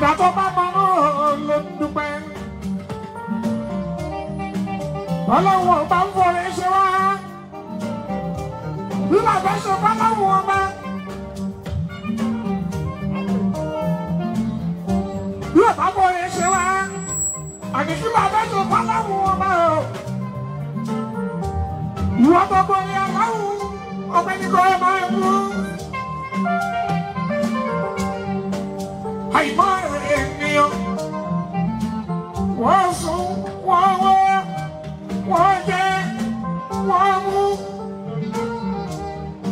ẹ̀dá tó bá mọ náà ló ń dúpẹ́. ọlọ́run ọba ń forí ṣe wá bí bàbá ṣe bá lọ́run ọba. bí bàbá forí ṣe wá àkìkí bàbá ṣe bá lọ́run ọba o. ìwọ́n tó borí aláwọ̀ ọ̀gbẹ́ni kò máa mú. Hey, yan wọ́n sùn wọ́n wọ́ wọ́n jẹ wọ́n mú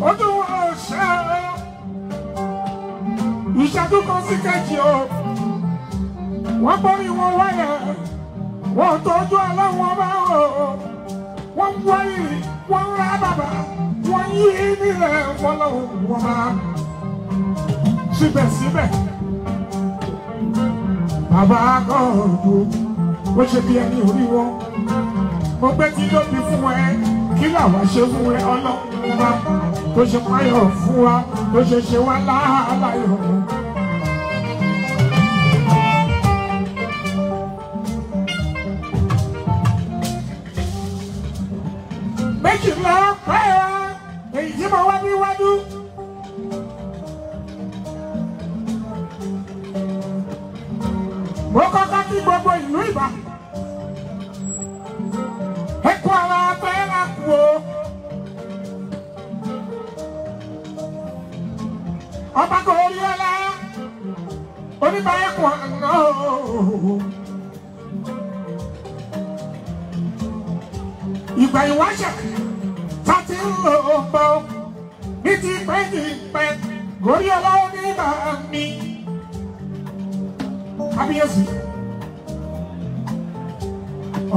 ojú wọn ṣe ìṣẹ́jú kan sí kejì o wọ́n borí wọn wáyà wọ́n tọ́jú aláwọ̀ bá o wọ́n wáyé wọ́n rá bàbá wọ́n yí nílẹ̀ wọ́n lọ́wọ́ wọn bá síbẹ̀síbẹ̀ bàbá gọ́ọ̀dù ó ṣe bí ẹni orí wọn mo gbé tí ló bí fún ẹ kí làwa ṣe fún ẹ ọlọ́run wa tó ṣe páyọ̀ fún wa tó ṣe ṣe wá láàá. kábíyèsí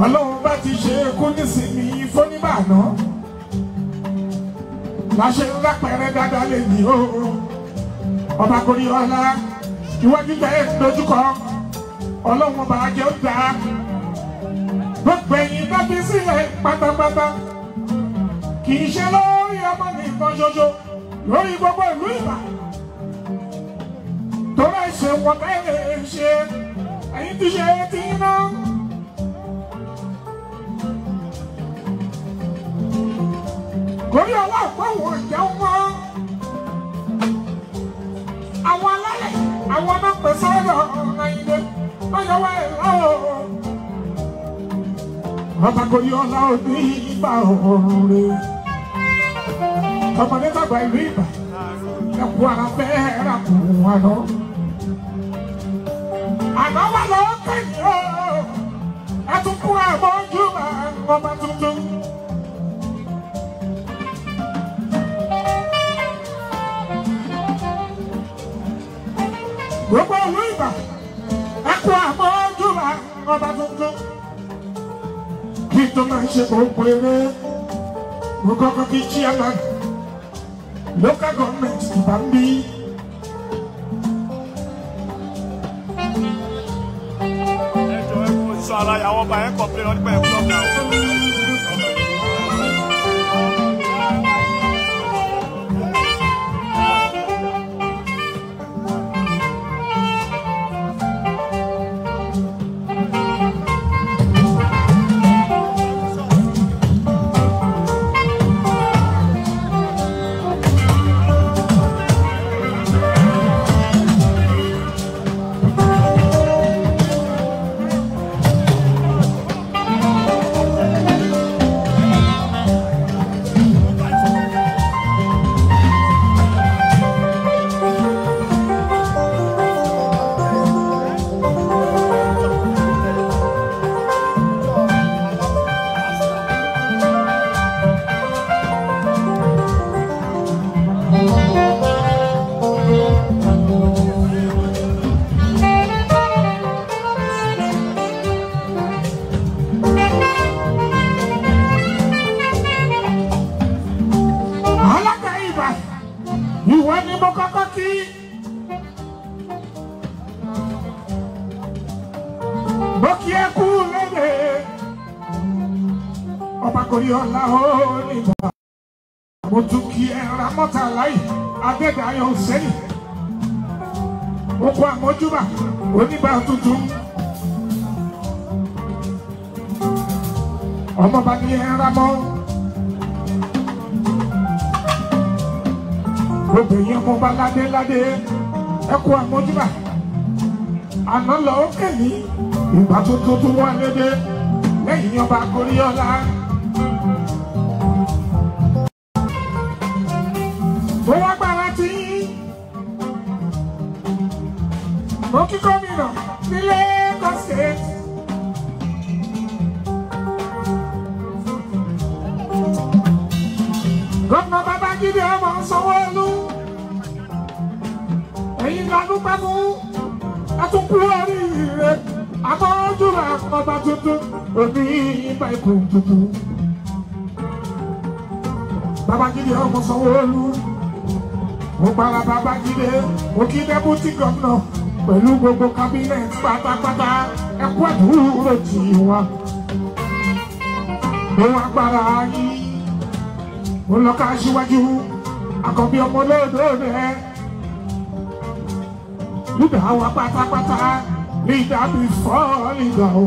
ọlọ́run bá ti ṣe kú nísìnyí fóníbàná láṣẹ ńlá pẹ̀rẹ́ dáadáa lè ní o ọba kò ní ọlá ìwájú gbà ẹ̀ dojúkọ ọlọ́run ọba ajẹ́ ó dáa gbogbo ẹ̀yìn dábí sílẹ̀ pátápátá kì í ṣe lórí ọmọ nìkan ṣoṣo lórí gbogbo ìlú Ìbàdàn ṣe wọn bẹ́ẹ̀ ṣe ẹ̀yin ti ṣe ti iná. lórí ọwọ́ àpáwọ̀ ìjẹun mọ́ àwọn alálẹ̀ àwọn ọmọpẹ̀ sọ́dọ̀ Àyìndé lọ́yọ̀wọ́ ẹ̀ lọ́wọ́. bàbá kò yọ ọlá òní ìgbà òórùn rẹ̀ ọmọdé tàgbà ìlú ìbà ẹ̀kú ara fẹ́ẹ́ rà kù wọn lọ àná wà lọ tẹ̀yìn o àtúntò àmọ́ ojú ọmọ tuntun. gbogbo ìlú ìgbà ẹkọ àmọ́ ojú ọmọ tuntun. kí n tó máa ṣe gbogbo eré mo kọ́kọ́ kí chairman local government ìbá ń bí. ara àwọn ọba yẹn kọ̀ọ̀pẹ́ lọ nípa ẹ̀kọ́ náà. mẹ́rin ọ̀hún sẹ́yìn oko àmọ́júbà oníbà tuntun ọmọba ní ẹran mọ́ obìnrin ọmọba ládé ládé ẹkọ àmọ́júbà àná lọ́ọ́ kẹ́lí ìgbà tuntun tó wà lédè lẹ́yìn ọba Kòríọlá. mo Sanwó-Olú mo para Babájídé mo kí dẹ́bùtì gọ́vnà pẹ̀lú gbogbo kábínẹ̀tì pátápátá ẹ kú àdúró tì mo Òun agbára yìí, mo lọ ká síwájú, àkọ́bí ọmọ lóòdó rẹ̀. Lúdà wa pátápátá, leader before leader o.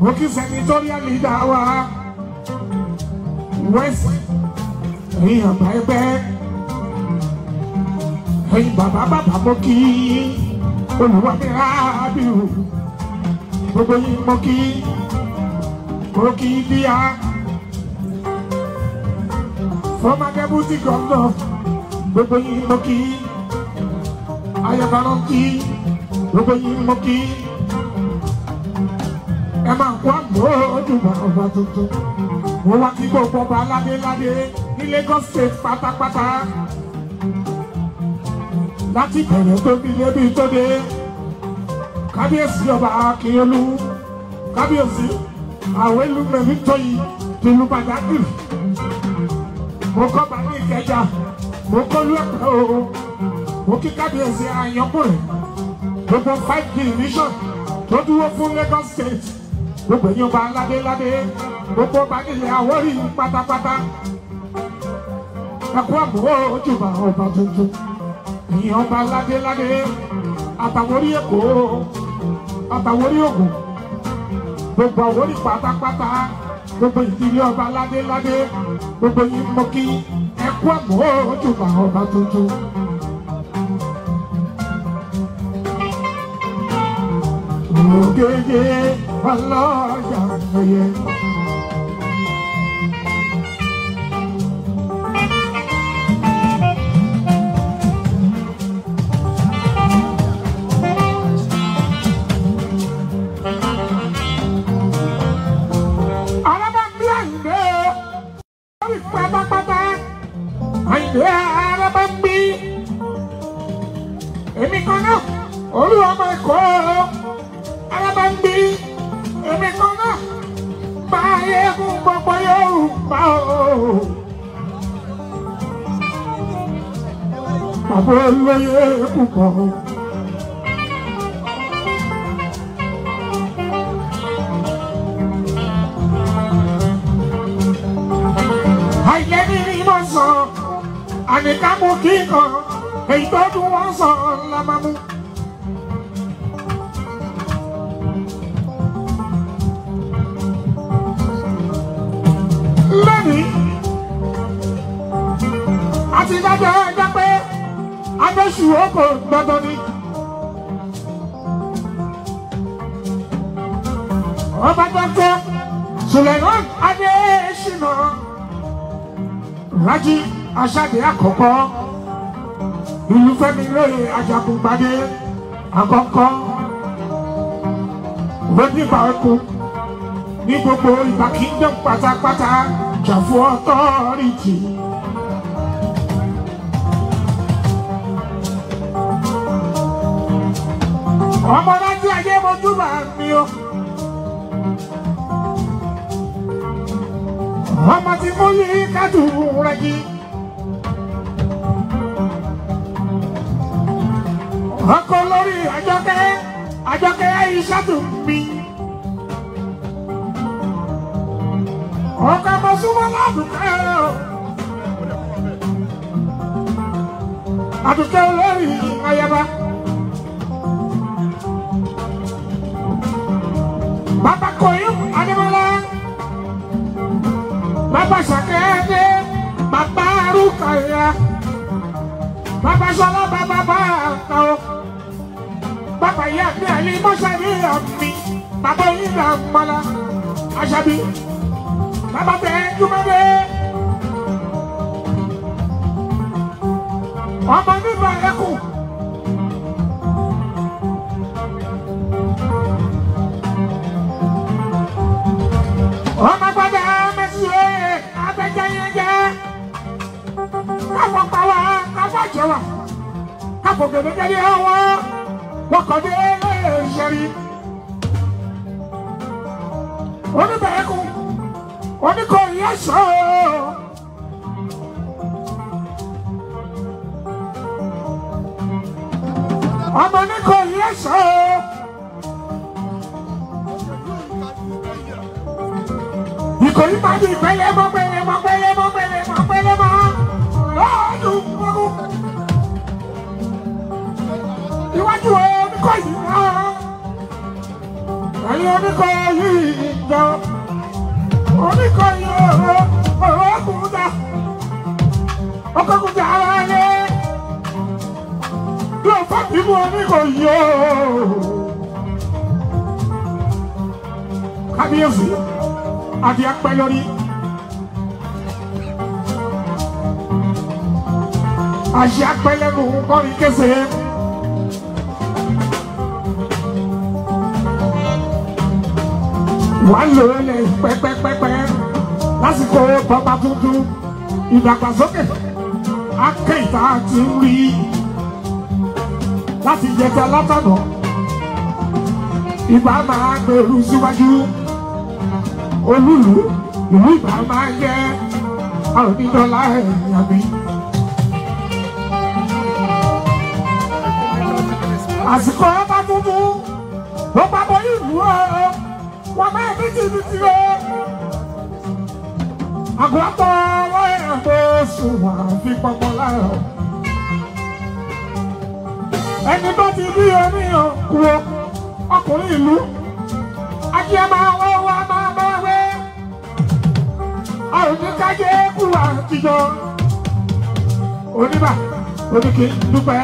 Mo kí sẹ́ni tó rí àlídà wa west hey àgbà ẹgbẹ́ ẹ̀yin bàbá bàbá mo kí olùwádìí rábìrù gbogbo yín mo kí mo kí bíyà former deputy governor gbogbo yín mo kí ayọ̀bánu kí gbogbo yín mo kí ẹ máa mo wá kí gbogbo ọba ládéládé ní Lagos State pátápátá láti bẹ̀rẹ̀ tó bí débi tó dé kábíyèsí ọba akínyẹlú kábíyèsí àwọn ìlú mẹ́mí tóyì tìlú pàjákìrì mo kọ́ bá ní Ìkẹjà mo kọ́ lú ẹ̀pẹ́ o mo kí kábíyèsí àyànkùnrin gbogbo five division tó dúró fún Lagos State gbogbo ẹ̀yin ọba ládéládé gbogbo gbàgede Àwórì pátápátá ẹkú àbúrò ojúbà ọba tuntun ìyìn ọba ládéládé àtàwórí Èkó àtàwórí Ògùn gbogbo Àwórì pátápátá gbogbo ìdílé ọba ládéládé gbogbo yìí mọ kí ẹkú àbúrò ojúbà ọba tuntun. Ogege ọlọ́jà ọyẹ. aṣáde àkọ́kọ́ Olúfẹ́mi lóye Ajagungbadé àkọ́kọ́ lóníbà ẹkọ ní gbogbo ìgbà kingdom pátápátá jàfó ọtọ́rìtì. ọmọ lájú ayé mojú bá mi o. ọmọ tí mo yí kádùn rẹ yìí. Sadumbi Oka Masuma Laduke Aduke olórí bapak Bàbá ada Adébọ́lá bapak Sakede bapak Rukaya Bàbá Sola bapak Bakao bàbá ìyá mi àlè mọ́sálẹ̀ àmì bàbá ìlà mọ́lá aṣábí bàbá tẹ jùmọ̀lẹ́. ọmọ nígbà ẹkùn. ọmọ gbọdọ̀ mẹ́sì ẹ̀ abẹ́jẹ́yẹ́jẹ́ káfọ́ pàwọ́ káfọ́ jẹ́wà káfọ́ gẹ̀dẹ́gẹ́dẹ́ ọwọ́ kọ̀dé ẹ̀ẹ́dẹ́rì oníbẹ̀ẹ́kù oníkọ̀ọ́yẹ́sọ̀ ọmọ oníkọ̀ọ́yẹ́sọ̀. Ìkòyí máa di ìpẹ́yẹ mọ́mọ́. ẹ̀yin oníkọ̀ yìí jọ oníkọ̀ yìí ọ̀rọ̀ ọ̀rọ̀ ọ̀kùnkùnjà ọ̀kùnkùnjà ara yẹ ló fà bímú oníkọ̀ yìí ọ̀ kábíyèsí àti apẹ́yọrí. àṣẹ apẹ́lẹ́nu kọ́ni kése. wà lò ó lẹ pẹpẹpẹpẹ lásìkò tọba tuntun ìdàgbàsókè akẹta ti ń rí láti yẹtẹ látànà ìbá máa gbèrú síwájú olúlu ìlú ìbá máa jẹ àrùndínlọlá ẹ̀yìn àbí. àsìkò ọba tuntun ló pa bọ ìlú ọ wàmà ẹbí ti ibi ti o. àgbàpọ̀ wáyà tó sùn wà fi pọpọ láàrọ̀. ẹni bá ti rí omi òkúrò ọkùnrin ìlú ajé máa wọ́ wá máa bá wé. a ò ní kájé kúrò àtijọ́ oníbà oníkì dúpẹ́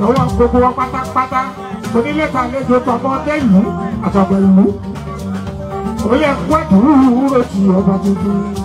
lọ́wọ́ gbogbo wọn pátápátá onílé tàlejò tọmọdé ìlú àtọ̀gbọ̀ ìlú ó yẹ pẹ́ dúró tí ọba tuntun.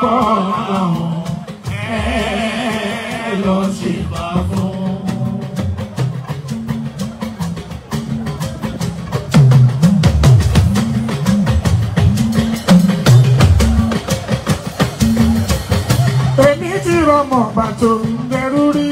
kọ́kọ́ ọ̀hún ẹ lọ ṣe bá fún. èmi ti rọmọ bàtò ń bẹ̀rù rí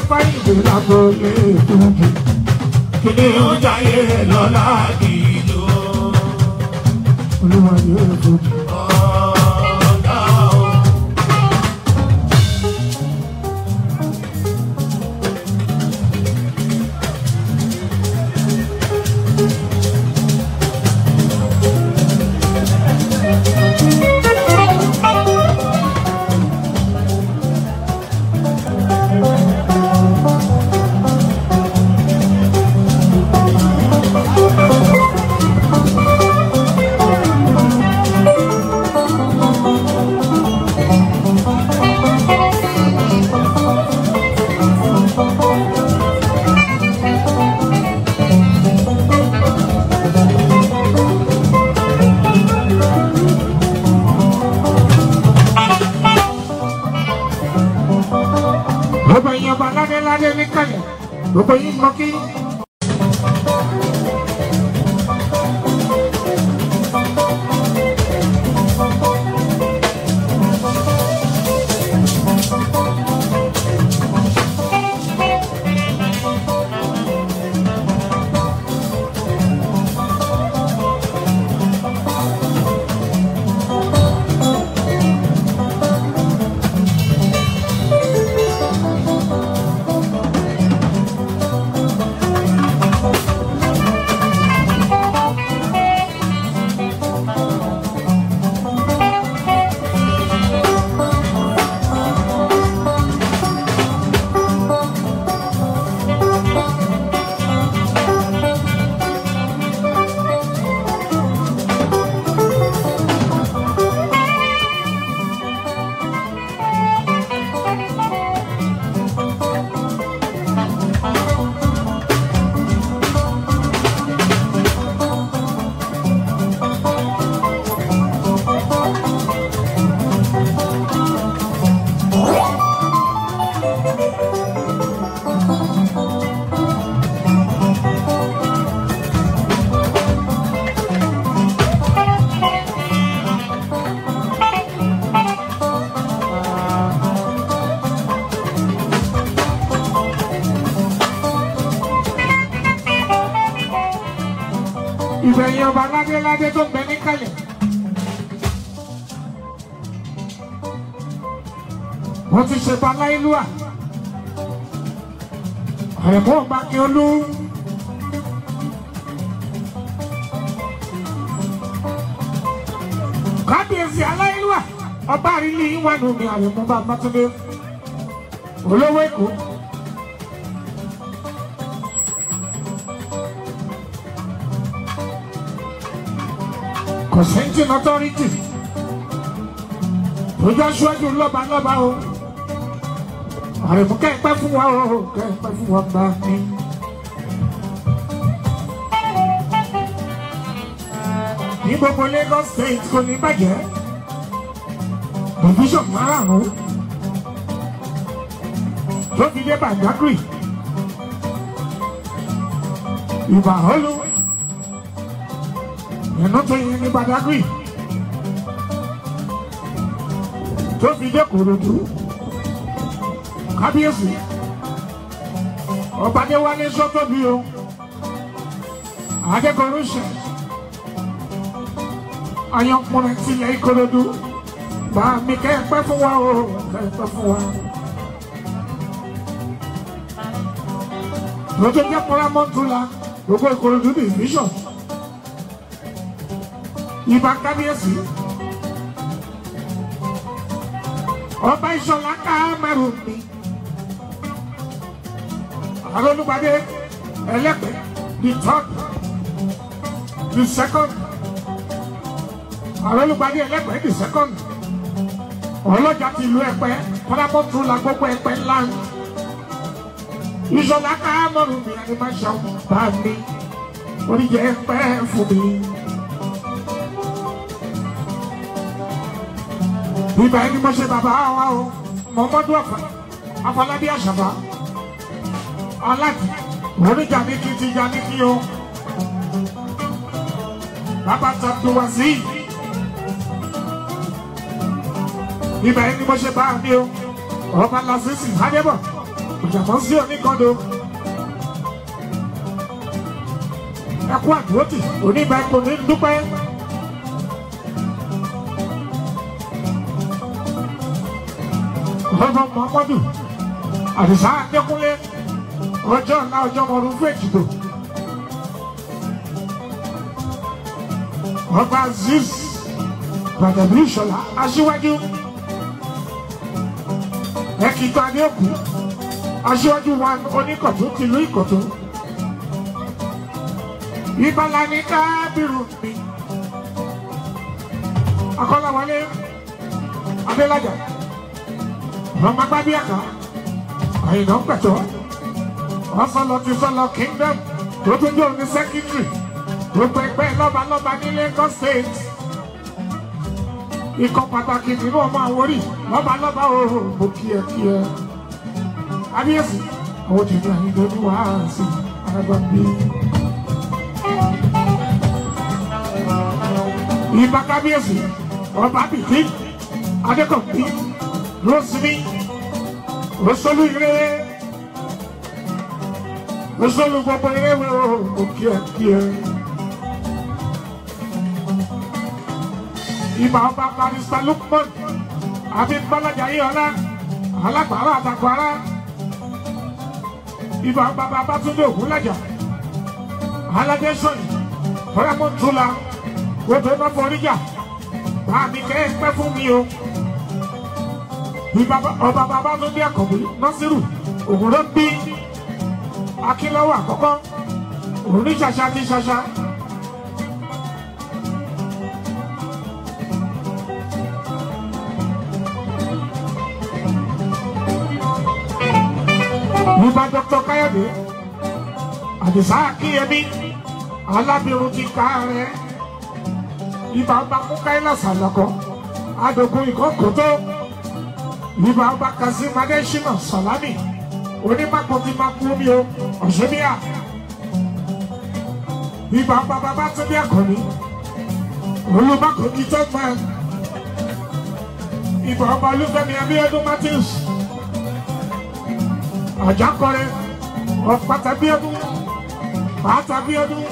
pápá ìjọba kò lè tóbi kíni ó jáyé lọ́la kìí lọ. olúwa yóò tóbi. Akinlua Àrẹ̀mọ́ ọba Akínolú. Kábíyèsí aláìlúwà ọba àrílí wà lómi Àrẹ̀mọ́ ọba Mátúndé olówó Èkó. Consenting authority. Ojú aṣíwájú lọ́ba lọ́ba o àrẹ̀mú kẹ́pẹ́ fún wa o kẹ́pẹ́ fún wa bá mi. ní gbogbo Lagos state kò ní bàjẹ́ division márààrún ló fi dé Badagry ìbàhólú ẹ̀nú tó yin ní Badagry tó fi dé Kòròdú kábíyèsí ọba Adéwálé Sọ́tọ̀bí o akẹ́kọ̀ọ́ ṣe ayọ̀kùnrin tilẹ̀ Ìkòròdú bá mi kẹ́ẹ̀pẹ́ fún wa o kẹ́ẹ̀pẹ́ fún wa. lọ́jọ́ jẹ́ pọ́lámọ́túnla gbogbo Ìkòròdú ní ìfísọ̀ ìbá kábíyèsí ọba Ìṣọ̀lá ká mẹ́rù mi. Arolubade elected the third, the second. Arolubade elected the second. Ọlọ́jà ti ìlú Ẹ̀pẹ́, Pọ́lápọ́ tún la gbogbo Ẹ̀pẹ́ land. Ìṣọ̀lá ká mọ̀rùn mi, ẹni máa ṣe ọmọ bá mi. Oríyẹ Ẹ̀pẹ́ fún mi. Bíbá ẹni mo ṣe bàbá wa o, mọ̀ mọ́dún ọ̀fà, Afọlábí Àṣàbá aláàtì oníjàníkì ti janíkì o bàbá tàbí wá sí ibà yìí ni mo ṣe bá a ní o ọba lásìsì adébọ̀ ìjàpọ̀ sí oníkọ́dọ̀ ẹkú àdúrótì oníbà epo ní dúpẹ́. ọlọ́mọ mọ́mọ́dù àdìsá adékúnlé ọjọ́ ńlá ọjọ́ mọ́rún fún èkìtò ọba zeus gbàdàbí ìṣọ̀lá aṣíwájú èkìtò adéòkú aṣíwájú wa oníkọ̀tó tìlú ìkọ̀tó ìbálá ní kábírù mi akọ́láwọlé adélájà ọmọ agbábíàká àyìnbó pẹ̀tọ́. Buffalo Buffalo Kingdom Rotunjo ní secondary gbogbo ẹgbẹ́ lọ́balọ́ba ní Lagos state ikọ̀ pàtàkì nínú ọmọ Àwórì lọ́balọ́ba òòrùn mo kí ẹ kí ẹ kábíyèsí àwọn òjòjò àyíndé olúwa sí arábàbí. ìbá kábíyèsí ọba bìkí adékọ̀bí Rosemary Rosolú ire. Usolo kwa parewo okia kia Ima ba barista Lukman Abid Balaja Iola Alágbára Atakwara Ima ba baba Tunde Ogulaja Alade Soyi Ramon Tula Webe na Forija Bá mi kẹ́ pẹ́ fún mi o Ọba baba Tunde Akọ̀bí Nasiru Ògùn ló ń bí akínlọ́wọ́ àkọ́kọ́ òní ṣàṣà ní ṣàṣà. Yorùbá Dr. Káyọ̀dé Àdìsá Akínyẹmí alábìrún ti ká rẹ̀ ibà ọba kúkáyé lásán lọ́kọ́ adògún ìkọ́kọ́ tó ibà ọba Kazeem Adésínà Sàlámì onípakọ̀kípakú mi o ọ̀ṣẹ́bíà ìgbà bàbá bá tún bí àkọ́ni olùbákọ̀kí tó máa ìgbà ọba olúfẹ́mi abíọ́dún Matthews àjákọrẹ ọ̀pátàbíọ́dún pátàbíọ́dún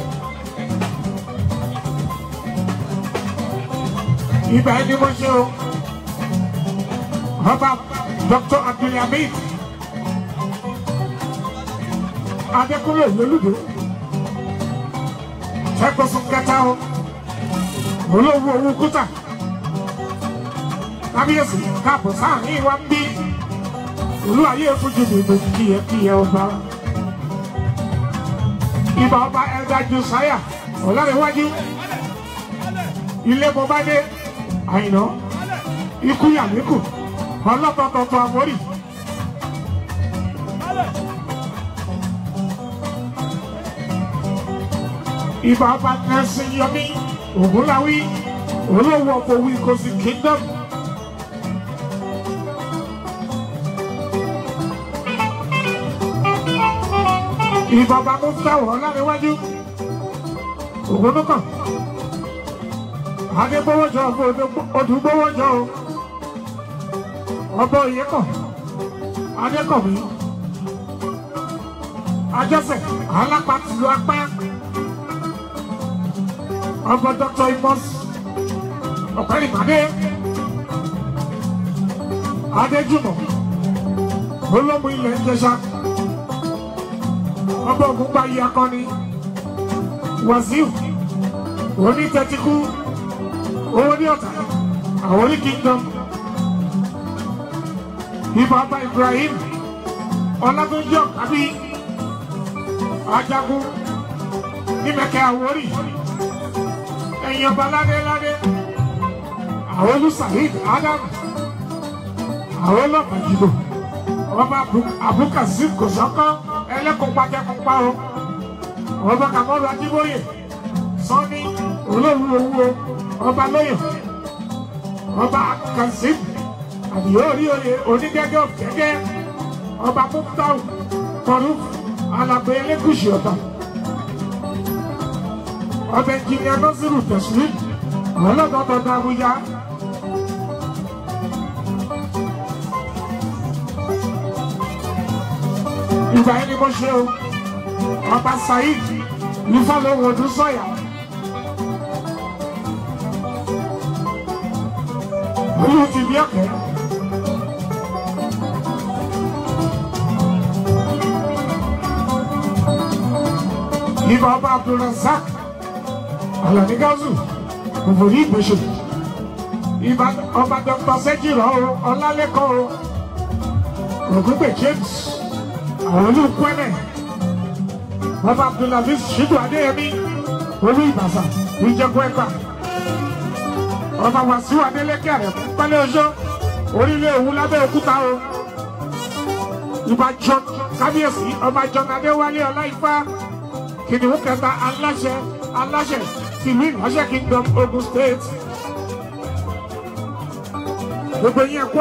ìgbà ẹni mo ṣe o ọba Dr. Abdulhamid. Adékúnlé Oyèlúdé ẹgbẹ́sùn kẹta o olówó owó kúta kábíyèsí káàbọ̀ sáàrin wa ń bí olú ayé fújì nìbò kíyẹkíyẹ ọba ibà ọba ẹgbẹ́ ju sáyà ọ̀làríwájú ilé bọ́bá dé àyìnà ikú yàmíkù ọlọ́tọ̀ọ̀tọ̀ àmórì. Ìbà ọba Nelson Yomi Ògúnláwí olówó ọkọ̀ wí Kosi Kingdom. Ìbà ọba Muftawo Ọláníwájú Ògúnnúkàn. Adégbówójọ Odùgbówójọ ọbọ̀ Ìyẹ́kọ̀ Adékọ̀wé Ajọ́sẹ̀ Alápàtìlú Apá ọkọ dọkítọ imọs ọpẹlẹ ìpàdé adéjùmọ olómù ilẹ̀ ìjẹsà ọba ògúnpá yìí akọni wàsíù onítẹtíkú owó ní ọ̀tà àwòrí kingdom ibà bá ibrahim ọlágúnjọ àbí ajagun ní mẹkẹ àwòrí ìyẹn balade lade àwọn olùsàhìd adam àwọn ọlọ́pàá jìbò ọba abukasi kòsọkọ ẹlẹkọpàjẹkọpà o ọba kàmọlù adébóyè sọni olóòwú owó ọba lóyè ọba kazeem àdìyóòrí oyè onígẹgẹ ọgẹgẹ ọba muftaw kọrú alàgbé elégùsì ọ̀tọ̀ ọbẹ jìnnì agbọ́sùrù tẹ̀sí ọlọ́dọ̀ tọ́ta Abuja. ìgbà yẹn ni mo ṣe o ọba Saheed ní fọlọ́wọ́ ọdún sọ̀yà. olú ti bí ọ̀kẹ́. Ibaba Abdulrasaq gazu, Gáúsù Kòfòrí Iba oba Dr. Sẹ́jìrọ̀ o Ọlálẹ́kọ̀ o Ògúngbè James àwọn olùkọ́lẹ̀ ọba Abdulaziz Shitu Adéyẹmí olú Ìbàṣà Ìjẹ̀bú Ẹ̀pà Oba Wàsíù Adélékè rẹ̀ pẹ́lẹ́ ọjọ́ orílẹ̀ òwú lábẹ́ òkúta o ìbá John kábíyèsí ọba John Adéwálé Ọláìfá kìnìún kẹta aláṣẹ aláṣẹ tìlú ìránṣẹ́ kingdom Ogun State gbogbo yín ẹ kú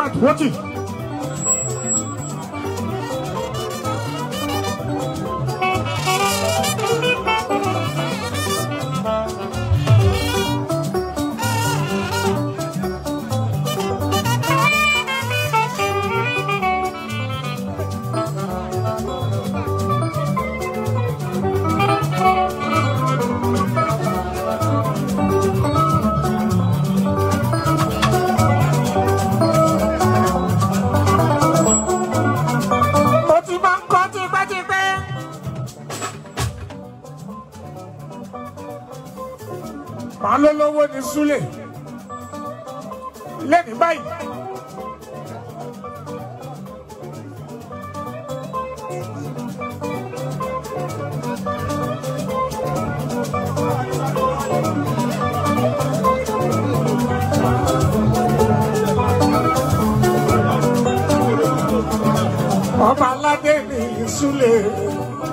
ọba aládé ní súlè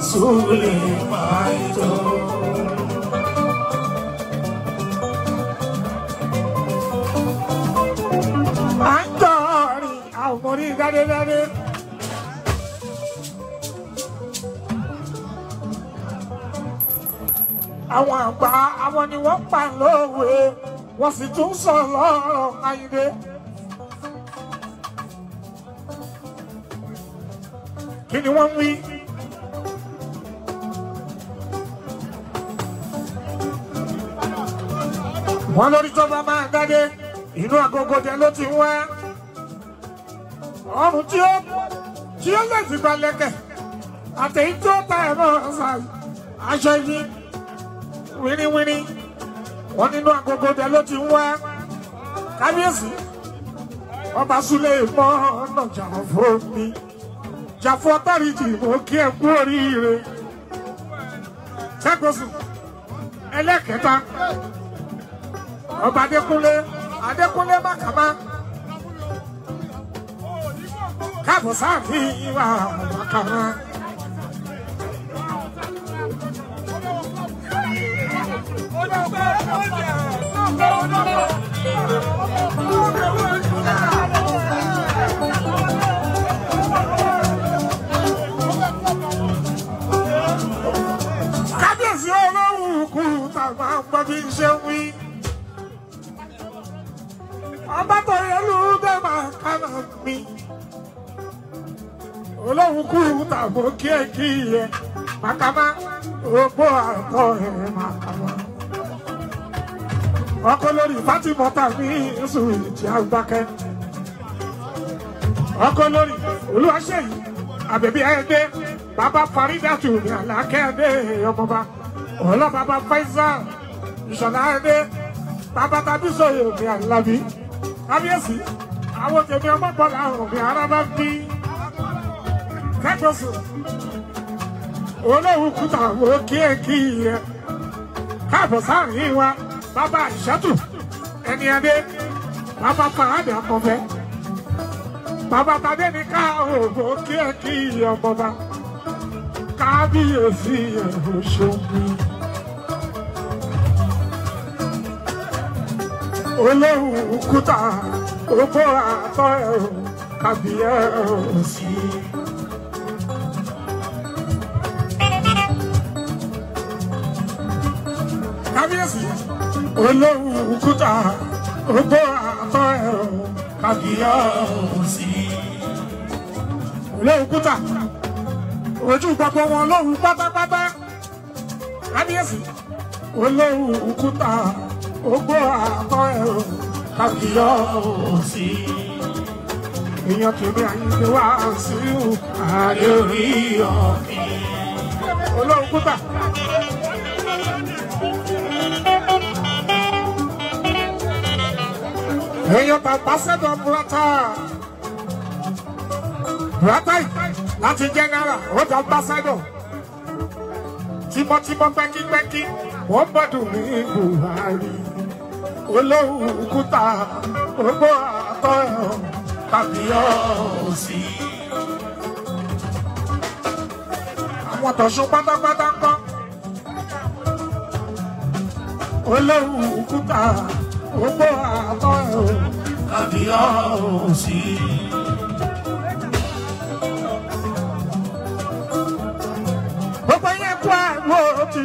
súlè máa ń à ń jọ ọrìn àwọn ọmọ àwọn àgbà àwọn ni wọ́n pa lóòwe wọ́n sì tún sọ lọ́rọ̀ ayíǹde. kí ni wọ́n ń wí. wọ́n lórí tó bá máa dádé inú agogo jẹ ló ti ń wá ọrùn tí ó tí ó lè ti gba lẹ́kẹ̀ àtẹ̀yí tí ó ta ẹ̀rọ ọ̀sà aṣọ yìí wíníwíní wọ́n nínú agogo jẹ ló ti ń wá kábíyèsí ọba súlẹ̀ mọ́ ọ̀nà jà fún mi. Jàfọ́ Táríjì mo kí ẹ kú oríire ṣẹ́gbọ́sùn ẹlẹ́kẹta ọba Adékúnlé Adékúnlé Mákàmá káàbọ̀ sáàfin ìwà Mákàmá. Oh, no, no, no, no, no, no, no, no, no, no, no, no, no, gbọ́ bí n ṣe wí. Abátọ̀rẹ́ olùdó máa kánà mi. Olóhùn kúrú tàbó kí ẹ kí ẹ màkàmá òpó àtọ̀ ẹ̀ màkàmá. Ọkọ lórí Fátímọ́tà ní Yusuf ìjì àgbákẹ́. Ọkọ lórí Olúwaṣẹ́yìn Àbẹ̀bí Ẹ̀dẹ́ bàbá Faridatu ní Àlàkẹ́ Ẹ̀dẹ́ ọmọba ọlọ́bàbá Faisal ìṣọ̀lá adé tabatadé sọ̀yẹ̀ òmìn àlábí kábíyèsí àwọn tèmi ọmọ bọ́lá òmìn arábá bí kẹ́gbẹ́sì olóhùn kúta òkè kí ẹ káàbọ̀ sáàrin wa bàbá ìṣẹ́tù ẹni adé bàbá paradà kọfẹ́ bàbá tadé ní ká òògùn òkè kí ọmọba kábíyèsí ẹ̀ òṣèlú. olóhùn kúta òpó àtọ ẹrù kábíyèsí. kábíyèsí olóhùn kúta òpó àtọ ẹrù kábíyèsí. olóhùn kúta ojú gbogbo wọn lóhùn pátápátá kábíyèsí olóhùn kúta ogbó àwọn ẹ̀rọ kábíyọ̀ sí èèyàn kìíní àyíké wá sí ìhù ààrẹ orí ọ̀fìn olóhùn kúta. èèyàn bàbá sẹ́dọ̀ bùrọ̀tà bùrọ̀tà láti jẹ́ náírà ó bàbá sẹ́dọ̀ tímọ́tímọ́ pẹ́kípẹ́kí wọ́n gbọ́dọ̀ ní Buhari olóhùn kúta gbogbo àtọ́ tàbí ọ̀sì. àwọn tọ̀sùn pátápátá ń kọ́ olóhùn kúta gbogbo àtọ́ tàbí ọ̀sì. gbogbo yẹn kú àwọn òbí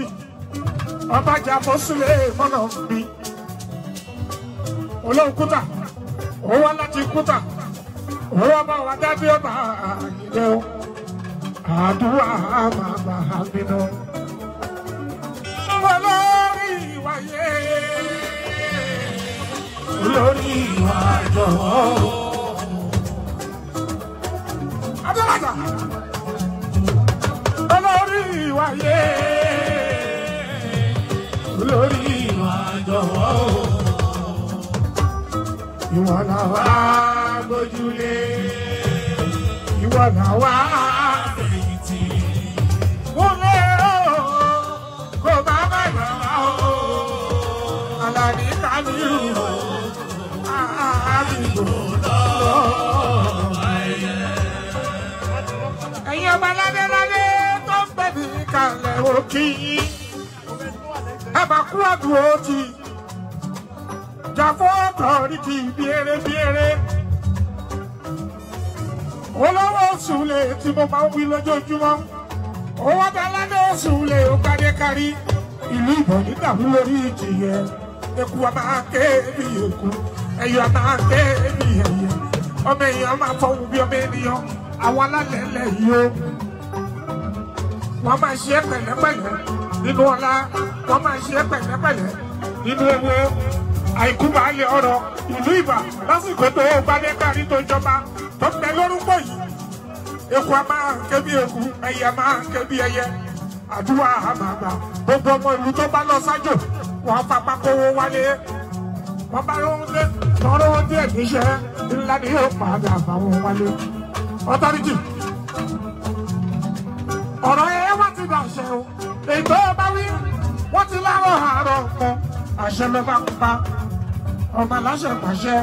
ọbàjà mọ́sùlẹ̀ mọ́nà bíi olóhùn kúta òun wá láti kúta òun wá bá wa dábí ọba àyìnlẹ o àdúrà bàbá àbínú. olórí ìwàyé olórí ìwà jọ̀wọ́. adúlájà olórí ìwàyé olórí. ìwọ là wá gbójúlé ìwọ là wá fẹ̀yìntì. Wúlé o, kò bá bá bàbá o, Àlàní Kamilu o, àbíkò lọ. Ẹ̀yin ọba ládéládé tó ń bẹ̀bí kalẹ̀ òkì. Ẹ bá kú àdúró tì í. Àjàfọ́ kọ̀ríkì bí eré bí eré. Olówó Sùlè tí mo máa ń wí lójoojúmọ́. Owó Daládé Sùlè ó gbadé kárí. Ìlú Ìbọn ní dàrú lórí ìjìyẹ. Eku a máa ké bí eku. Ẹyọ a máa ké bí ẹyẹ. Ọmọ èèyàn máa fọwọ́ bí ọmọ ènìyàn. Àwọn alálẹ̀ lẹ̀ yìí ó. Wọ́n máa ṣe pẹ̀lẹ́pẹ̀lẹ́ nínú ọlá. Wọ́n máa ṣe pẹ̀lẹ́pẹ̀lẹ́ nínú ewé àìkú baálé ọ̀rọ̀ ìlú ìbà lásìkò tó o gbadé kárí tó jọba tó bẹ lórúkọ yìí eku a máa ké bí eku ẹyẹ a máa ké bí ẹyẹ àdúrà àmàgbà gbogbo ọmọ ìlú tó bá lọ sájò wọn fapá kówó wálé wọn bá lóhun lé lọ́rọ́ díẹ̀ níṣẹ́ ńlá ni yóò padà bá wọn wálé ọtọ́rìjì ọ̀rọ̀ ẹ wá ti dàṣẹ o ètò ọba wí wọ́n ti láwọ̀ àárọ̀ kan àṣẹ mẹ́fà pa ọba aláṣẹ pàṣẹ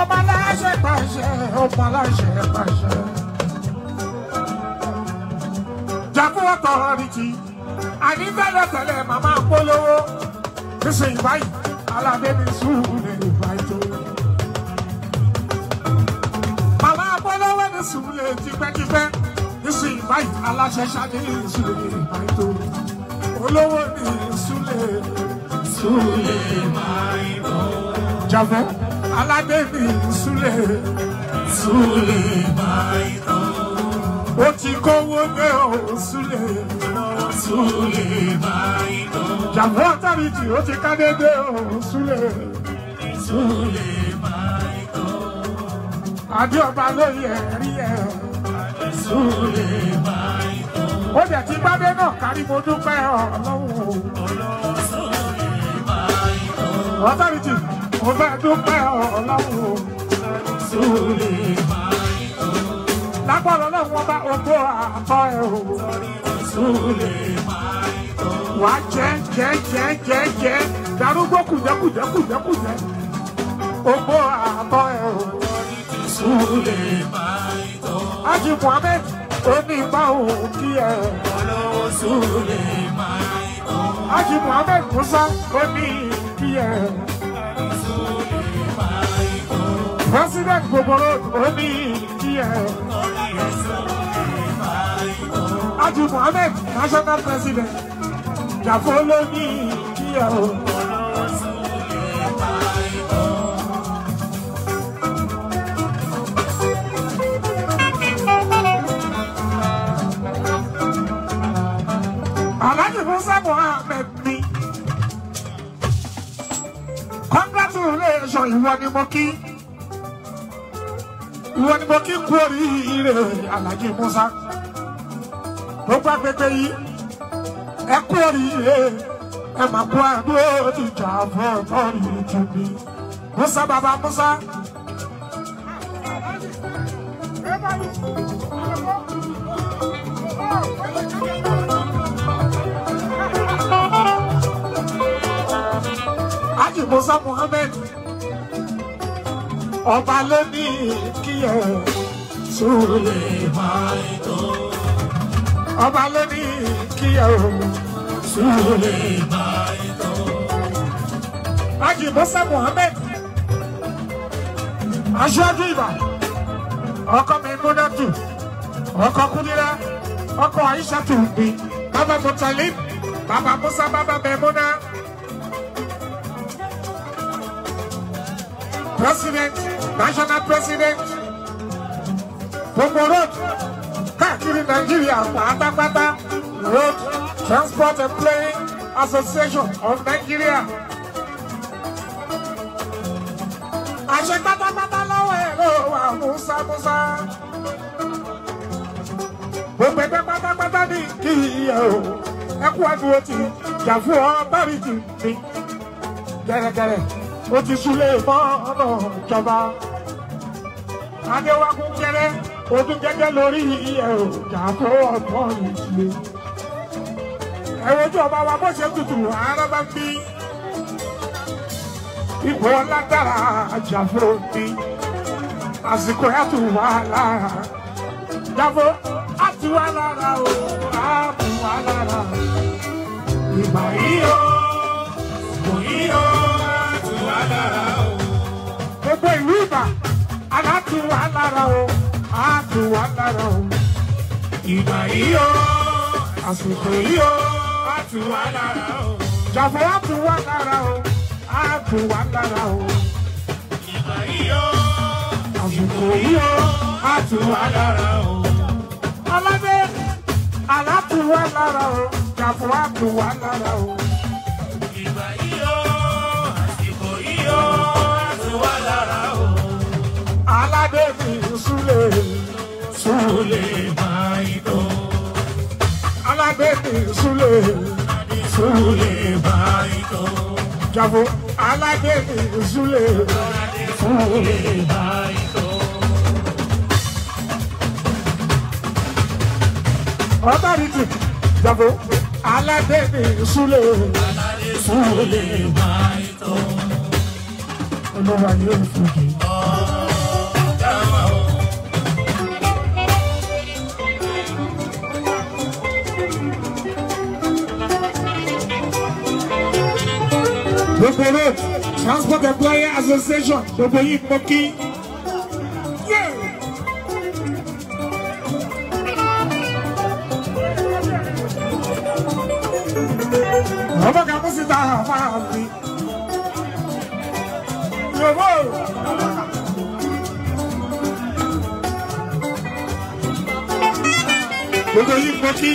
ọba aláṣẹ pàṣẹ ọba aláṣẹ pàṣẹ. jagunwọ́ tọrọ ni ti tele tẹ́lẹ̀ polo. màmá polówó nísìnyí báyìí alábẹ́ mi sùúrù lè bá polo màmá polówó sule, sùúrù lè tipẹ́tipẹ́ nísìnyí báyìí aláṣẹ ṣáde ní sùúrù lè bá tó. olówó ní sùúrù lè sùúrù lè máa ń bọ̀. Àjàfẹ́ aládébí sule, sule máìtọ́. Ó ti kówó gbé o Súlè Súlè máìtọ́. Jàfẹ́ ọ̀tàrìjì ó ti kádé gbé o sule, Súlè máìtọ́. Adéọba ló yẹ rí ẹ. Súlè máìtọ́. Ó dẹ̀ ti gbádé náà kárí mo dúpẹ́ Ọlọ́run. Ọlọ́run Súlè máìtọ́. Ọ̀tàrìjì mo bá dúpẹ́ ọlọ́run sórí. lágbára ọlọ́run ọba ògbó àtọ́ ẹ̀ o sórí. wà á jẹ jẹ jẹ jẹ jẹ darúgbó kùjẹkùjẹkùjẹkùjẹ ògbó àtọ́ ẹ̀ o sórí. ájì muhammed onígbà òkì ẹ̀. ọlọ́wọ́ sórí máa ń kọ́. ájì muhammed musa onígbà òkì ẹ̀. President Boboro Omi Ìdíyẹ. Haji Muhammad National President Jafo Lomi Ìdíyẹ. Alhaji Congratulations, ìwọ ni mo kí ìwọ ni mo kí kú oríire Alhaji Musa gbogbo agbègbè yìí ẹ kú oríire ẹ máa kú àdó ìjà fún ọmọ yìí Musa bàbá Musa. Haji Musa Muhammed ọba ló kí yẹ súlè máa tó. ọba ló ní kíyà o súlè máa tó. Ajibosa Mohammed aṣáájú ìbà ọkọ mi múnátù ọkọ kúndínlá ọkọ àyíṣàtù gbìn bàbá mọtàlíp bàbá musa bàbá mẹmúná. President, national president, gbogbo road káàkiri nàìjíríà pátápátá road transport and playing association of nigeria. àṣẹ pátápátá lọ́wọ́ ẹ̀ ló musa. músámúsá. gbogbo ẹgbẹ́ pátápátá ní kí iye o ẹkú ẹnu o ti jà fún ọ bẹ́ẹ̀rì jù mí. o ti súlé mọ́ ọ̀nà ìjọba. adéwákú kẹrẹ́ ojú gẹ́gẹ́ lórí ẹ̀ ò jà kó ọ̀tọ̀ ìdílé. ẹ wojú ọba wa bó ṣe tutù ara bá fi ipò ládàra àjàfóró bí àsìkò ẹ̀ tù wá lára jáfó á tù wá lára o á tù wá lára ìgbà yìí o kò yìí o á tù wá lára o. gbogbo ìlú ìbà á tù wá lára o á tù wá lára o. ìgbà yìí o àsìkò yìí o á tù wá lára o. jàfẹ́ á tù lára o á tù lára o. ìgbà yìí o àsìkò yìí o á tù lára o. ọlọ́dẹ àlá tù lára o jàfẹ́ á tù lára o. ìgbà yìí o àsìkò yìí o. súlè súlè báyìí aládé ní súlè súlè báyìí jàbó Sule ní súlè súlè báyìí. ọ̀tọ́rìtì jàbó Sule ní súlè súlè báyìí. olórí ayé gbogbo road transport employer association gbogbo yìí mọ kí. ọmọ kan mú síta máa fi yòówó. gbogbo yìí mọ kí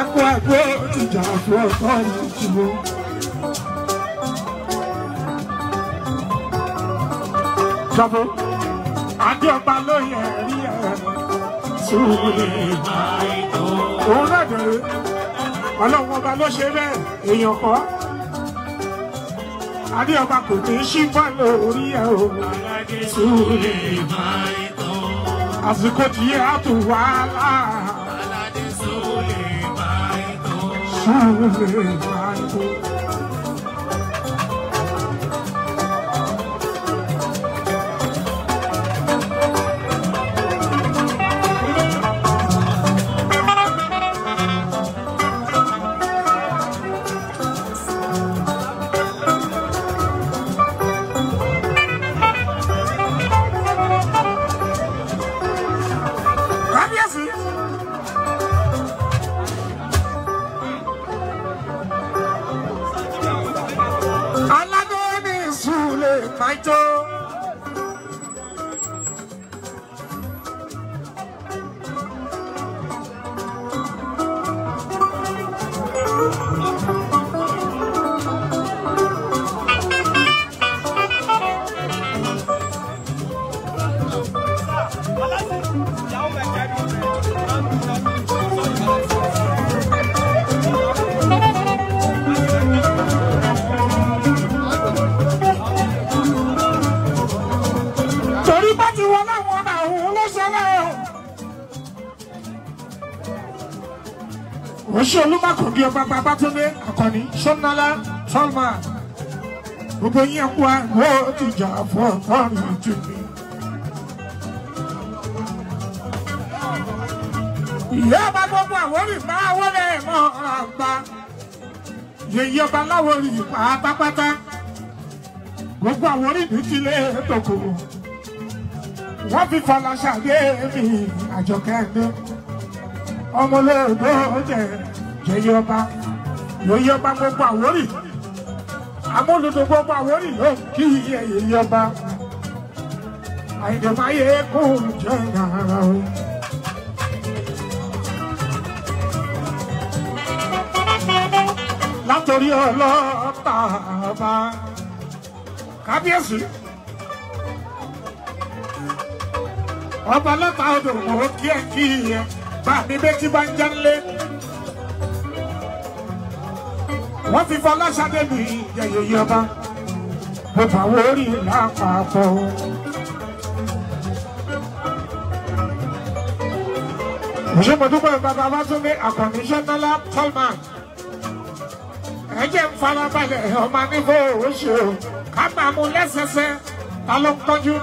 ẹkọ ẹgbẹ òjìjà fún ọkọ ìjìbò. Ṣọ́bọ̀ Adéọba ló yẹ rí ẹ̀ Súlè Òun náà dẹ̀rẹ̀ Ọlọ́run ọba ló ṣe bẹ́ẹ̀ èèyàn kọ́. Adéọba kò tí ń ṣíbọ̀ lórí ẹ̀ o. Súlè Àsìkò tí yẹ á tún wá lá. Súlè Súlè Súlè. àgbàlagbà Bátúndé Àkànní Ṣọ́nálá Tọ́lmà gbogbo yín ẹ̀kú àwọ̀ ìjà fún ọ̀tọ́rin ìjìnlẹ̀. ìyá ọba gbogbo Àwórì máa wọlé mọ́ àgbà yèyí ọba láwórì pátápátá gbogbo Àwórì ní tilé tòkò wọ́n fi fọlá ṣàdé mi àjọkẹ́ ẹ̀dẹ́ ọmọlẹ́ẹ̀dọ́ jẹ́ yẹyẹ ọba yẹyẹ ọba gbogbo Àwórì amóhùndòdò gbogbo Àwórì yóò kí yẹyẹ ọba àìdèmáyé kò jẹ yàrá o. látòrí ọlọ́pàá ọba kábíyèsí. ọba lọ́ta odò mò ń kí ẹ kí ẹ bá mi bẹ́ẹ̀ tí bá ń jẹ́ ńlẹ́ wọ́n fi Fọláṣadé mi yẹ̀yẹ̀ ọba gbogbo àwọn orí lápapọ̀. ṣé mo dúpẹ́ bàbá Babátúndé Àkànní Ṣẹ́tọ́lá Tolman ẹ jẹ́ ń farabalẹ̀ ọmọ nífọ̀ oṣù ká máa mú lẹ́sẹsẹ ta ló ń tọ́jú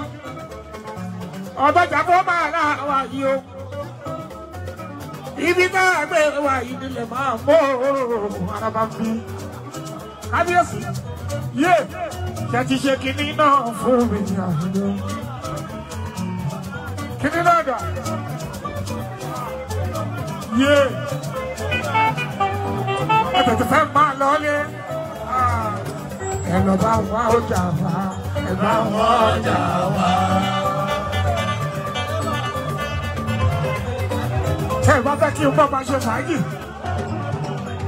ọbẹ̀jà fún máa rà wá yìí o ibi náà gbé wá yìí nílẹ̀ máa mú òórùn araba fi kábíyèsí yé tẹ́tí ṣe kínní náà fún mi àdó kínní náà dà Yeah. ẹ tètè fẹ́ máa lọ́lé ẹ lọ bá wá ọjà wá ẹ bá wá ọjà wá. tẹ́ ẹ bá fẹ́ kí n bọ́ máa ṣe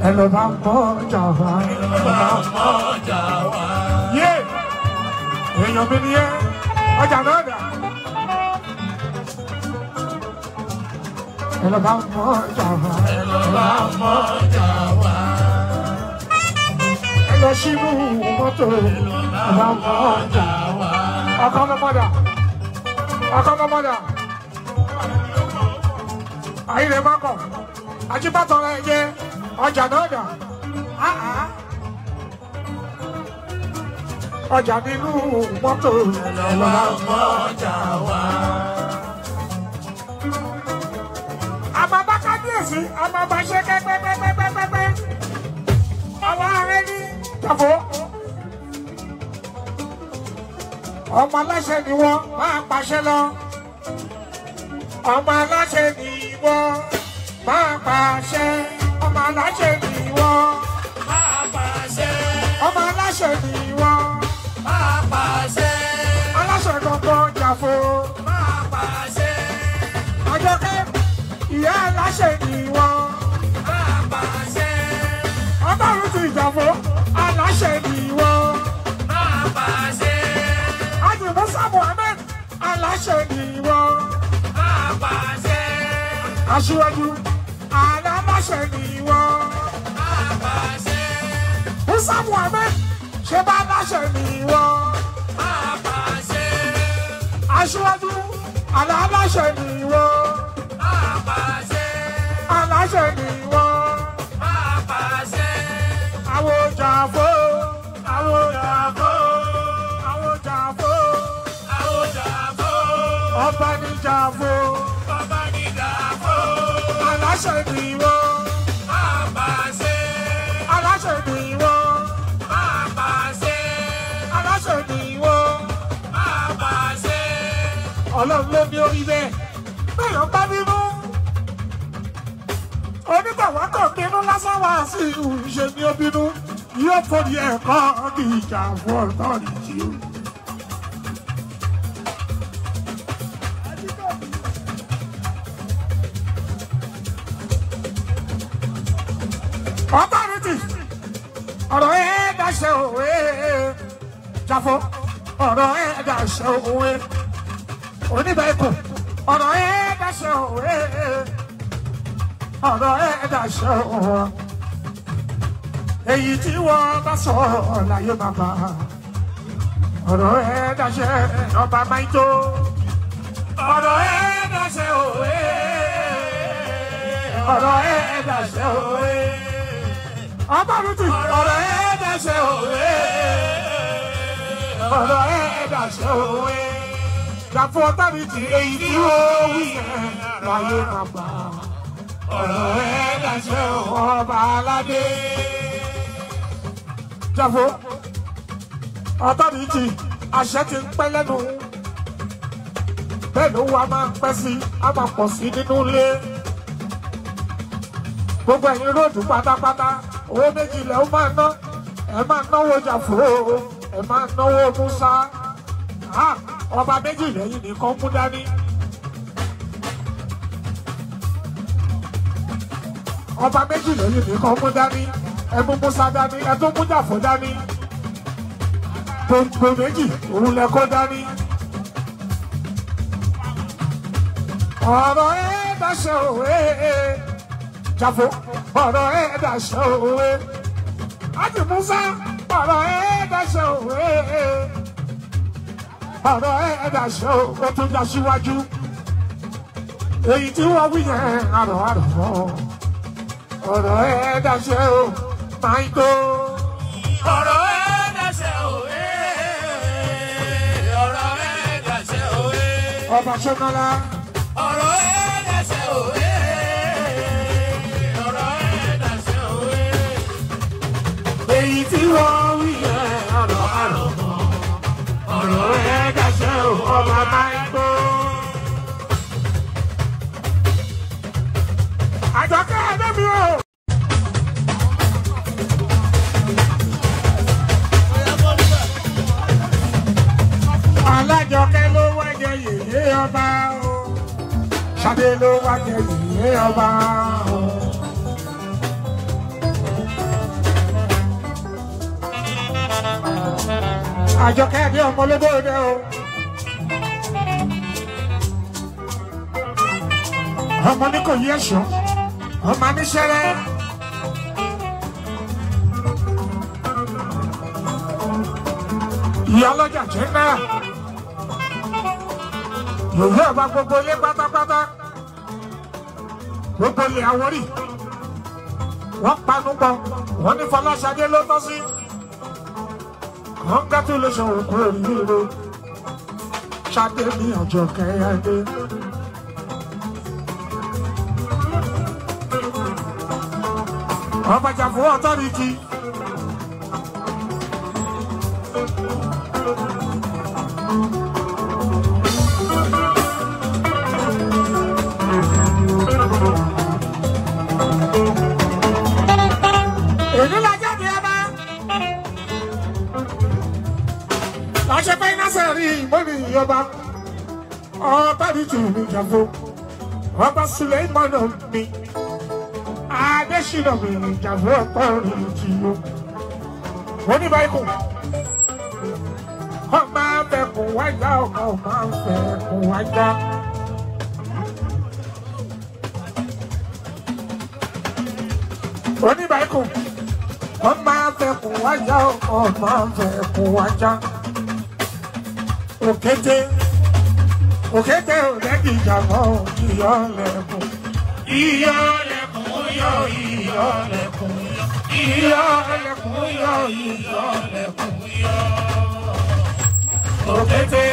ẹ lọ bá ń kọ́ ọjà wá. ẹ lọ bá ń kọ́ ọjà wá. yé èèyàn mi nìyẹn ọjà náà dà. ẹ lọ bá ń kọ́ ọjà wá. ẹ lọ bá ń kọ́ ọjà wá. ẹ lọ sínú mọ́tò ẹ lọ ọjà dọ́dà ah, ah. ọjà nínú mọ́tò lọ́wọ́ mọ́jà wá. àmọ́ bá kábíyèsí àmọ́ bá ṣe pẹ́pẹ́pẹ́pẹ́pẹ́ ọwọ́ ààrẹ ní tọ̀fọ́. ọmọ aláṣẹ ni wọ́n máa pàṣẹ lọ ọmọ aláṣẹ ni wọ́n máa pàṣẹ aláṣẹ ni wọ́n. máa pàṣẹ. ọmọ aláṣẹ ni wọ́n. máa pàṣẹ. aláṣẹ gangan jàfo. máa pàṣẹ. àjọké ìyá aláṣẹ ni wọ́n. máa pàṣẹ. ọlọ́run ti jàfo aláṣẹ ni wọ́n. máa pàṣẹ. àjùmọ̀sá Mohammed aláṣẹ ni wọ́n. máa pàṣẹ. aṣíwájú aláṣẹ ni wọ́. àbàṣẹ. Musa Muhammed ṣe bá aláṣẹ ni wọ́. àbàṣẹ. aṣíwájú àlá aláṣẹ ni wọ́. àbàṣẹ. aláṣẹ ni wọ́. àbàṣẹ. àwọn ọjà fọ́. àwọn ọjà fọ́. àwọn ọjà fọ́. ọba níjà fọ́ aláṣẹdùn ìwọ. bàbá ṣe. aláṣẹdùn ìwọ. bàbá ṣe. aláṣẹdùn ìwọ. bàbá ṣe. ọlọ́run ló bí orí bẹ́ẹ̀ bẹ́ẹ̀ ló bá bímú. onítàwọn kò bínú lásán wá sí ìṣe ní obínú yóò fọ́ di ẹ̀kọ́ ní ìjà fún ọ̀tọ́ nìyí. ọ̀tọ́rìtì ọ̀rọ̀ ẹ̀ dáṣẹ òwe jáfọ́ ọ̀rọ̀ ẹ̀ dáṣẹ òwe oníbẹ̀ẹ́kù ọ̀rọ̀ ẹ̀ dáṣẹ òwe ọ̀rọ̀ ẹ̀ dáṣẹ òwe èyí tí wọ́n bá sọ láyé bàbá ọ̀rọ̀ ẹ̀ dáṣẹ ọba máa ń tó ọ̀rọ̀ ẹ̀ dáṣẹ òwe ọ̀rọ̀ ẹ̀ dáṣẹ òwe. Ọbárùtù. Ọ̀rọ̀ ẹ̀ dàṣẹ òwe. Ọ̀rọ̀ ẹ̀ dàṣẹ òwe. Dàpọ̀ tábì tí èyí tí ó wí yẹn láyé máa gbà. Ọ̀rọ̀ ẹ̀ dàṣẹ òwe. Ọba aládé. Jàfó. Ọ̀tọ́bì tí àṣẹ ti ń pẹ́ lẹ́nu. Bẹ́ẹ̀ ló wá máa ń pẹ́ sí, á máa pọ̀ sí nínú ilé. Gbogbo ẹ̀yin róòdù pátápátá owó méjì lẹ̀ ó máa ná ẹ máa náwó jàfúrò ẹ máa náwó musa ọba méjì lẹ́yìn nìkan mú dání. ọba méjì lẹ́yìn nìkan mú dání ẹ mú musa dání ẹ tó mú jàfó dání gbòǹgbò méjì òun lẹ kó dání. ọ̀rọ̀ ẹ̀ bá ṣe òwe. Jàfó ọ̀rọ̀ ẹ̀ dàṣẹ òwe Ájì Musa ọ̀rọ̀ ẹ̀ dàṣẹ òwe ọ̀rọ̀ ẹ̀ dàṣẹ òwe tó já síwájú èyí tí wọ́n wí yẹn àrọ̀ àrọ̀ ọ̀rọ̀ ẹ̀ dàṣẹ ò máa ń tó. ọ̀rọ̀ ẹ̀ dàṣẹ òwe ọ̀rọ̀ ẹ̀ dàṣẹ òwe. ọba ṣọ́nọ́lá. ọ̀rọ̀ ẹ̀ dàṣẹ òwe. èyí tí wọ́n wí yẹn ọ̀rọ̀ àròkàn ọ̀rọ̀ ẹ̀ dàṣẹ́ ò ọmọ máa ń gbó. àjọkẹ́ ẹ̀dẹ́mi o. alájọkẹ́ ló wájẹ yèyé ọba o ṣadé ló wájẹ yèyé ọba o. àjọkẹ́ ẹ̀dẹ́ ọmọ ológóde o. ọmọ ní kò yí ẹ̀ṣọ́ ọmọ aníṣẹ́rẹ́. ìyá ọlọ́jà jẹ́ náà yòówù ọba gbogbo ilé pátápátá gbogbo ilé Àwórì wọ́n panu pọ̀ wọ́n ní Fọláṣadé ló tọ́ sí congratulations kú oríire ṣáde ní ọjọ́ kẹyàdé. ọbàjà fún Authority. àyè ọba ọba ní tùrùmù ìjàmbó ọba Suleiman mi adésínà mi ìjàmbó ọ̀pọ̀ òrùn ti yó oníbàákù ọba abẹkùn wájà ọba ọba abẹkùn wájà. oníbàákù ọba abẹkùn wájà ọba abẹkùn wájà. O òkété òkété òdẹ́kì jàmọ́ ìyọ́lẹ̀kùn ìyọ́lẹ̀kùn yọ ìyọ́lẹ̀kùn yọ ìyọ́lẹ̀kùn yọ ìyọ́lẹ̀kùn yọ. òkété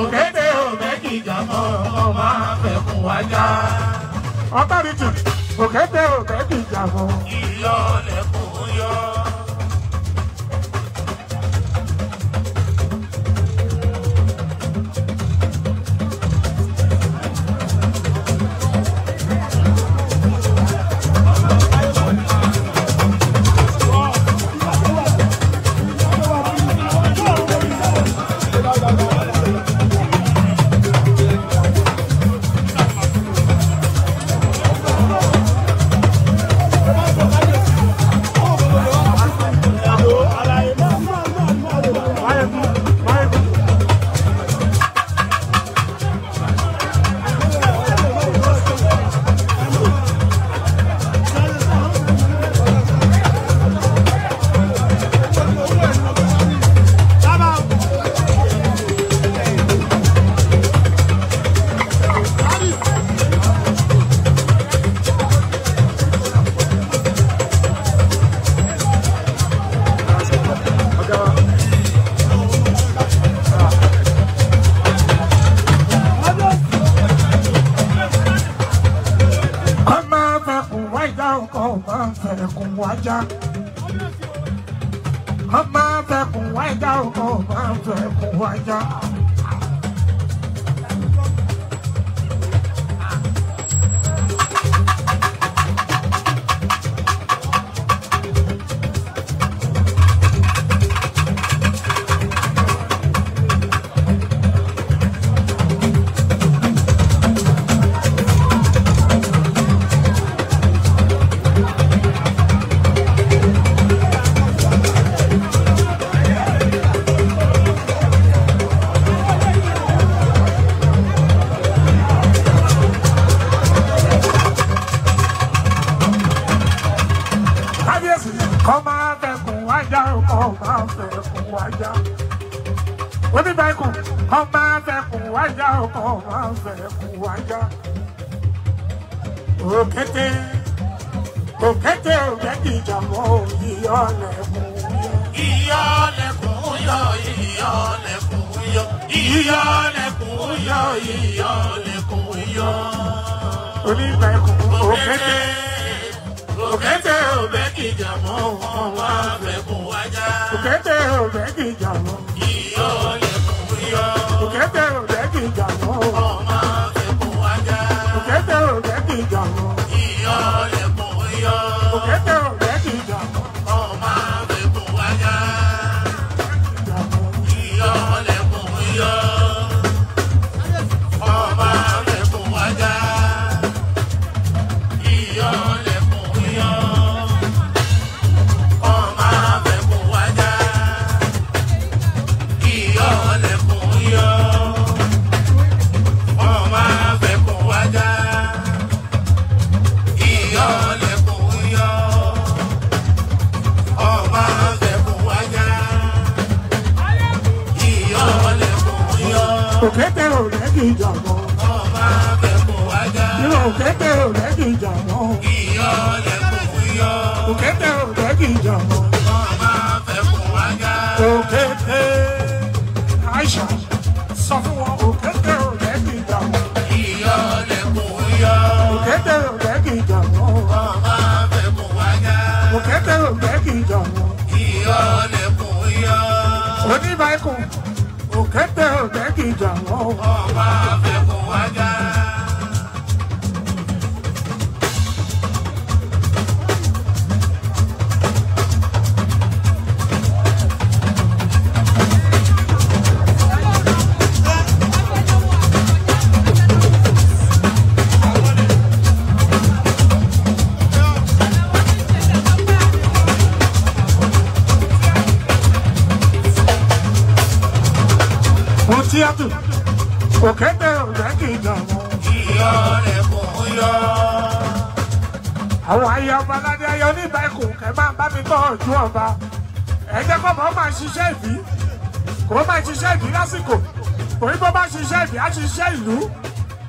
òkété òdẹ́kì jàmọ́ ọmọ afẹ́kùn wájà. ọtọ́rìtì òkété òdẹ́kì jàmọ́ ìyọ́lẹ̀kùn. òkété ò lẹ́kì ìjà mọ́. ọba kẹkùn wájà. ìyá òkété ò lẹ́kì ìjà mọ́. ìyá lẹ́kùn yọ. òkété ò lẹ́kì ìjà mọ́. ọba kẹkùn wájà. òkété Aisha sọ fún wọn òkété ò lẹ́kì ìjà mọ́. ìyá lẹ́kùn yọ. òkété ò lẹ́kì ìjà mọ́. ọba kẹkùn wájà. òkété ò lẹ́kì ìjà mọ́. ìyá lẹ́kùn yọ. oníbàákùn tẹ́tẹ́ ò tẹ́ kìjà wọ́n. ọba fẹ́ ṣiṣẹ́ ìbí kò má ṣiṣẹ́ ìbí lásìkò torí bó bá ṣiṣẹ́ ìbí á ṣiṣẹ́ ìlú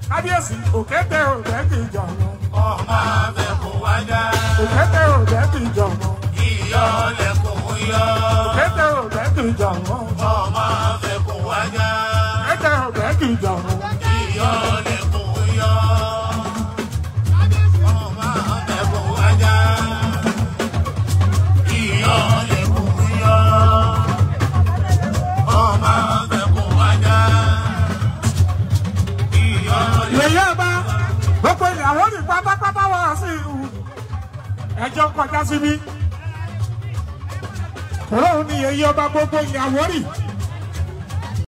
kábíyèsí òkété òdẹ kì í jọ̀mọ́. ọmọ abẹ kò wá dá. òkété òdẹ kì í jọ̀mọ́. ìyá ọlẹ kò ń yọ. òkété òdẹ kì í jọ̀mọ́. ọmọ abẹ kò wá dá. òkété òdẹ kì í jọ̀mọ́. ìyá ọlẹ. jọ kọjá síbí. Ọlọ́run ni èyí ọba gbogbo ìyàwó rì.